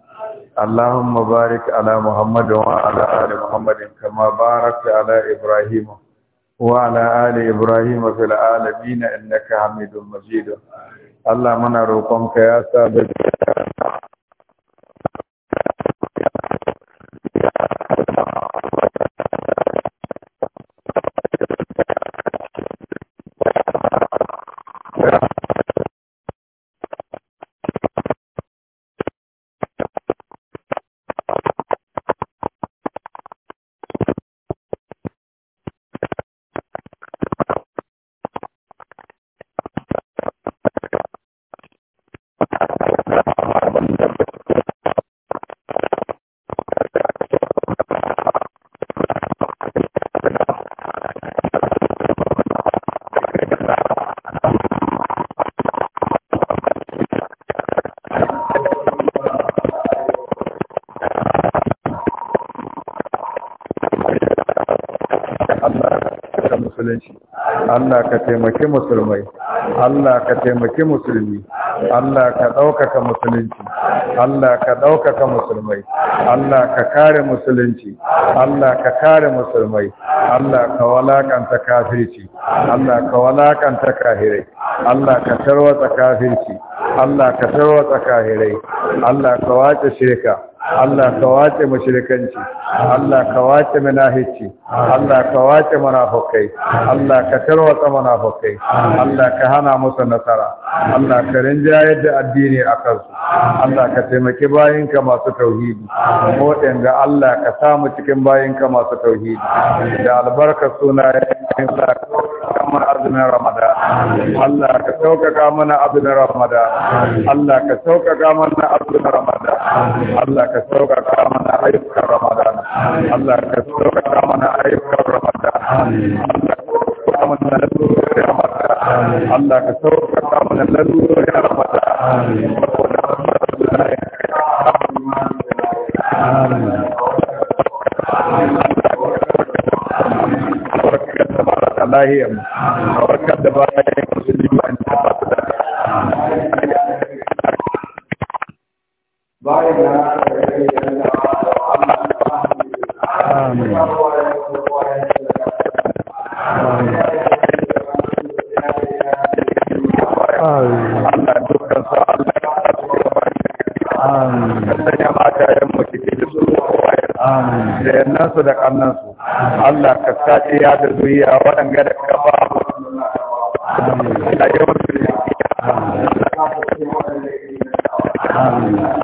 اللهم بارك على محمد وعلى آل محمد كما باركت على إبراهيم وعلى آل إبراهيم في العالمين إنك حميد مجيد اللهم نروقك يا سابق ka taimaki musulmai Allah ka taimaki musulmi Allah ka ɗaukaka musulunci Allah ka ɗaukaka musulmai Allah ka kare musulunci Allah ka kare musulmai Allah ka walakanta kafirci Allah ka walakanta kahirai Allah ka tarwatsa kafirci Allah ka tarwatsa kahirai Allah ka wace shirka Allah ka wace mushrikanci Allah ka wace munafici Allah ka wace munafukai Allah ka tarwatsa munafukai Allah ka hana musu nasara Allah ka rinjayar da addini a kansu Allah ka taimaki bayinka masu tauhidi moɗin ga Allah ka samu cikin bayinka masu tauhidi da albarka sunayen sa na ramada. Allah ka sauƙaƙa mana na ramada. Allah ka sauƙaƙa mana azumin ramada. Allah ka sauƙaƙa mana ayyukan ramada. Allah ka sauƙaƙa mana ayyukan ramada. Allah ka sauƙaƙa mana lalurar ramada Allah ka sauƙaƙa mana lalurar ramadan Amin. a lahiyar mu a warkar da bayan da Amin. Amin. yan mu Amin. Allah ka sace ya da zuriya waɗanga da ka ba da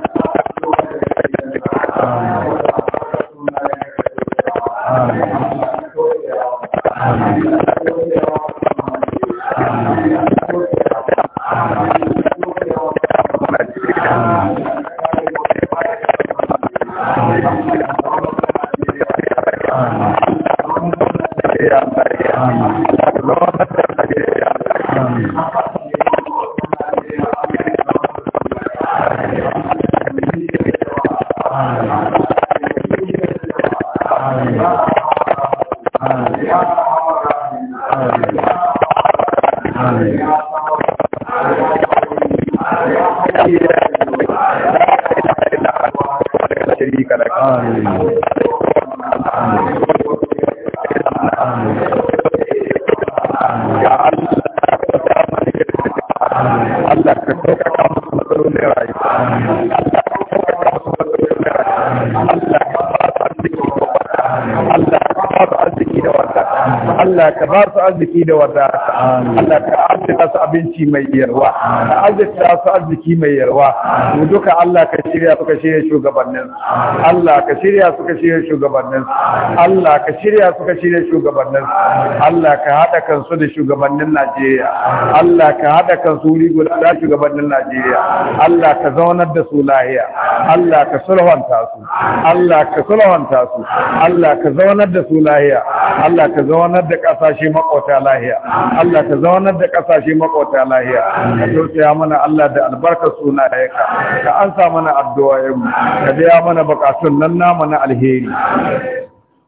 arziki da wadata Allah ka arzika su abinci mai yarwa ka arzika su arziki mai yarwa mu duka Allah ka shirya suka shirya shugabannin Allah ka shirya suka shirya shugabannin Allah ka shirya suka shirya shugabannin Allah ka hada kansu da shugabannin Najeriya Allah ka hada kansu wuri guda da shugabannin Najeriya Allah ka zaunar da su lahiya Allah ka sulhunta su Allah ka sulhunta su Allah ka zaunar da su lahiya Allah ka zaunar da kasashe makota lahiya Allah ka zaunar da kasashe shi makwata lahiya ka tausaya mana Allah da albarkar yaka ka ansa mana addu'a mu ka biya mana bukatun nan namu na alheri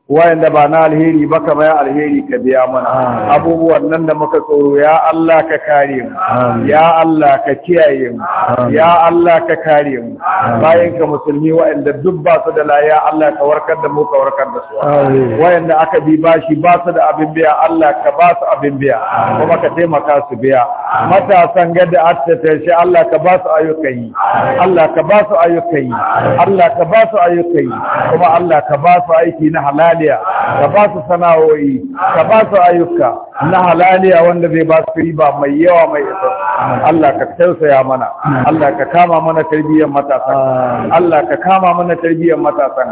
wayanda ba na alheri ba kama ya alheri ka biya mana abubuwan nan da muka tsoro ya Allah ka kare mu ya Allah ka kiyaye mu ya Allah ka kare mu bayan ka musulmi wayanda duk ba su da laya Allah ka warkar da mu ka warkar da su wayanda aka bi bashi ba su da abin biya Allah ka ba su abin biya kuma ka taimaka su biya matasan gada attata shi Allah ka ba su ayyukan yi Allah ka ba su ayyukan yi Allah ka ba su ayyukan yi kuma Allah ka ba su aiki na halali halaliya ka ba su sana'o'i ka ba su ayyuka na halaliya wanda zai ba su riba mai yawa mai isa Allah ka tausaya mana Allah ka kama mana tarbiyyar matasan Allah ka kama mana tarbiyyar matasan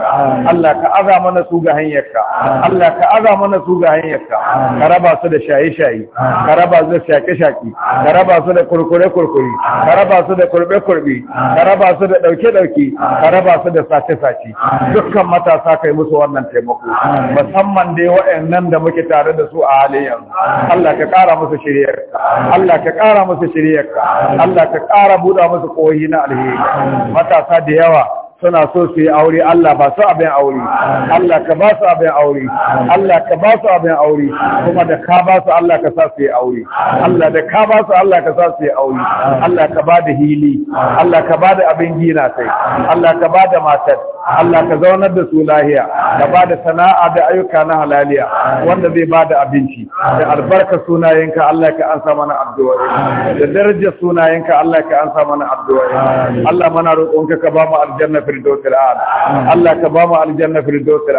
Allah ka aza mana su ga hanyarka Allah ka aza mana su ga hanyarka ka raba su da shaye-shaye ka raba su da shake-shake ka raba su da kurkure-kurkure ka raba su da kurbe-kurbe ka raba su da dauke-dauke ka raba su da sace-sace dukkan matasa kai musu wannan taimako musamman dai waɗannan da muke tare da su a halin yanzu Allah ka ƙara musu shiryarka Allah ka ƙara musu shiryarka Allah ka ƙara buɗa musu koyi na alheri matasa da yawa suna so su yi aure Allah ba su abin aure Allah ka ba su abin aure Allah ka ba su abin aure kuma da ka ba su Allah ka sa su yi aure Allah da ka ba su Allah ka sa su yi aure Allah ka ba da hili Allah ka ba da abin gina sai Allah ka ba da matar Allah ka zaunar da su lahiya ka ba da sana'a da ayyuka na halaliya wanda zai ba da abinci da albarka sunayenka Allah ka ansa mana addu'a da darajar sunayenka Allah ka ansa mana addu'a Allah mana roƙonka ka ba mu aljanna Allah ka ba mu aljanna firdaus al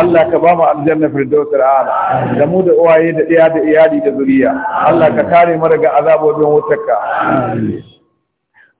Allah ka ba mu aljanna firdaus al-a'la da mu da uwaye da iya da iyali da zuriya Allah ka kare mu daga azabobin wutarka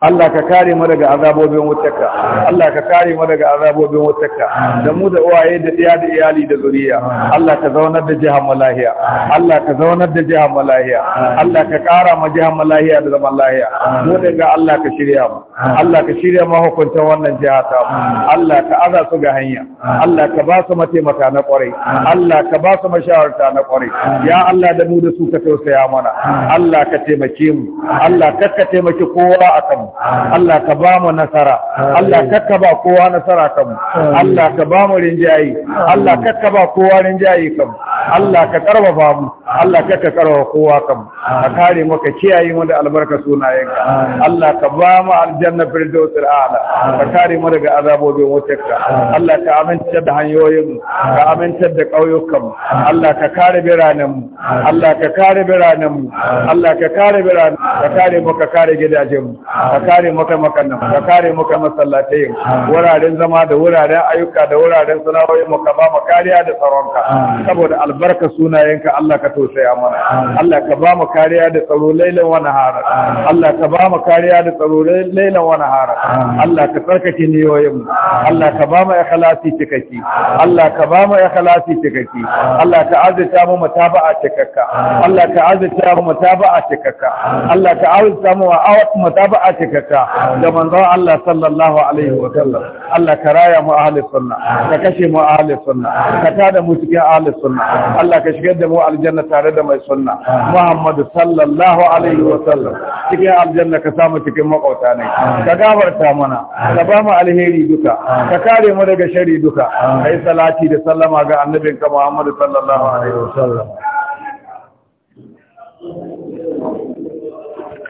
Allah ka kare mu daga azabobin wutarka Allah ka kare mu daga azabobin wutarka da mu da uwaye da iya da iyali da zuriya Allah ka zaunar da jihar lahiya. Allah ka zaunar da jihar lahiya. Allah ka kara ma jihar lahiya da zaman lahiya mu daga Allah ka shirya mu Allah ka shirya ma hukuntan wannan jiha ta mu Allah ka aza su ga hanya Allah ka ba su mataimaka na kwarai Allah ka ba su mashawarta na kwarai ya Allah da mu da su ka tausaya mana Allah ka taimake mu Allah ka ka taimaki kowa akan mu Allah ka ba mu nasara Allah kakka ba kowa nasara ka mu Allah ka ba mu rinjaye Allah kakka ba kowa rinjaye ka mu Allah ka karfafa mu Allah kakka karfafa kowa ka mu ka kare mu ka kiyaye mu da albarka sunayenka Allah ka ba mu aljanna firdausul a'la ka kare mu daga azabobin wutarka Allah ka amince da hanyoyin ka amince da kauyukan Allah ka kare biranen Allah ka kare biranen Allah ka kare biranen ka kare mu ka kare gidajen mu kare maka makannan ka kare maka masallatai wuraren zama da wuraren ayyuka da wuraren sana'o'i mu ka ba mu kariya da tsaronka saboda albarka sunayenka Allah ka tausaya mana Allah ka ba mu kariya da tsaro lailan wa nahara Allah ka ba mu kariya da tsaro lailan wa nahara Allah ka tsarkake niyoyin mu Allah ka ba mu ikhlasi cikakki. Allah ka ba mu ikhlasi cikakki. Allah ka azurta mu mutaba'a cikakka Allah ka azurta mu mutaba'a cikakka Allah ka azurta mu mutaba'a cikakka ma'aikata da manzon Allah sallallahu alaihi wa sallam Allah ka raya mu ahli sunna ka kashe mu ahli sunna ka tada mu cikin ahli sunna Allah ka shigar da mu aljanna tare da mai sunna Muhammad sallallahu alaihi wa sallam cikin aljanna ka samu cikin makauta ne ka gafarta mana ka ba mu alheri duka ka kare mu daga shari duka kai salati da sallama ga annabinka Muhammad sallallahu alaihi wa sallam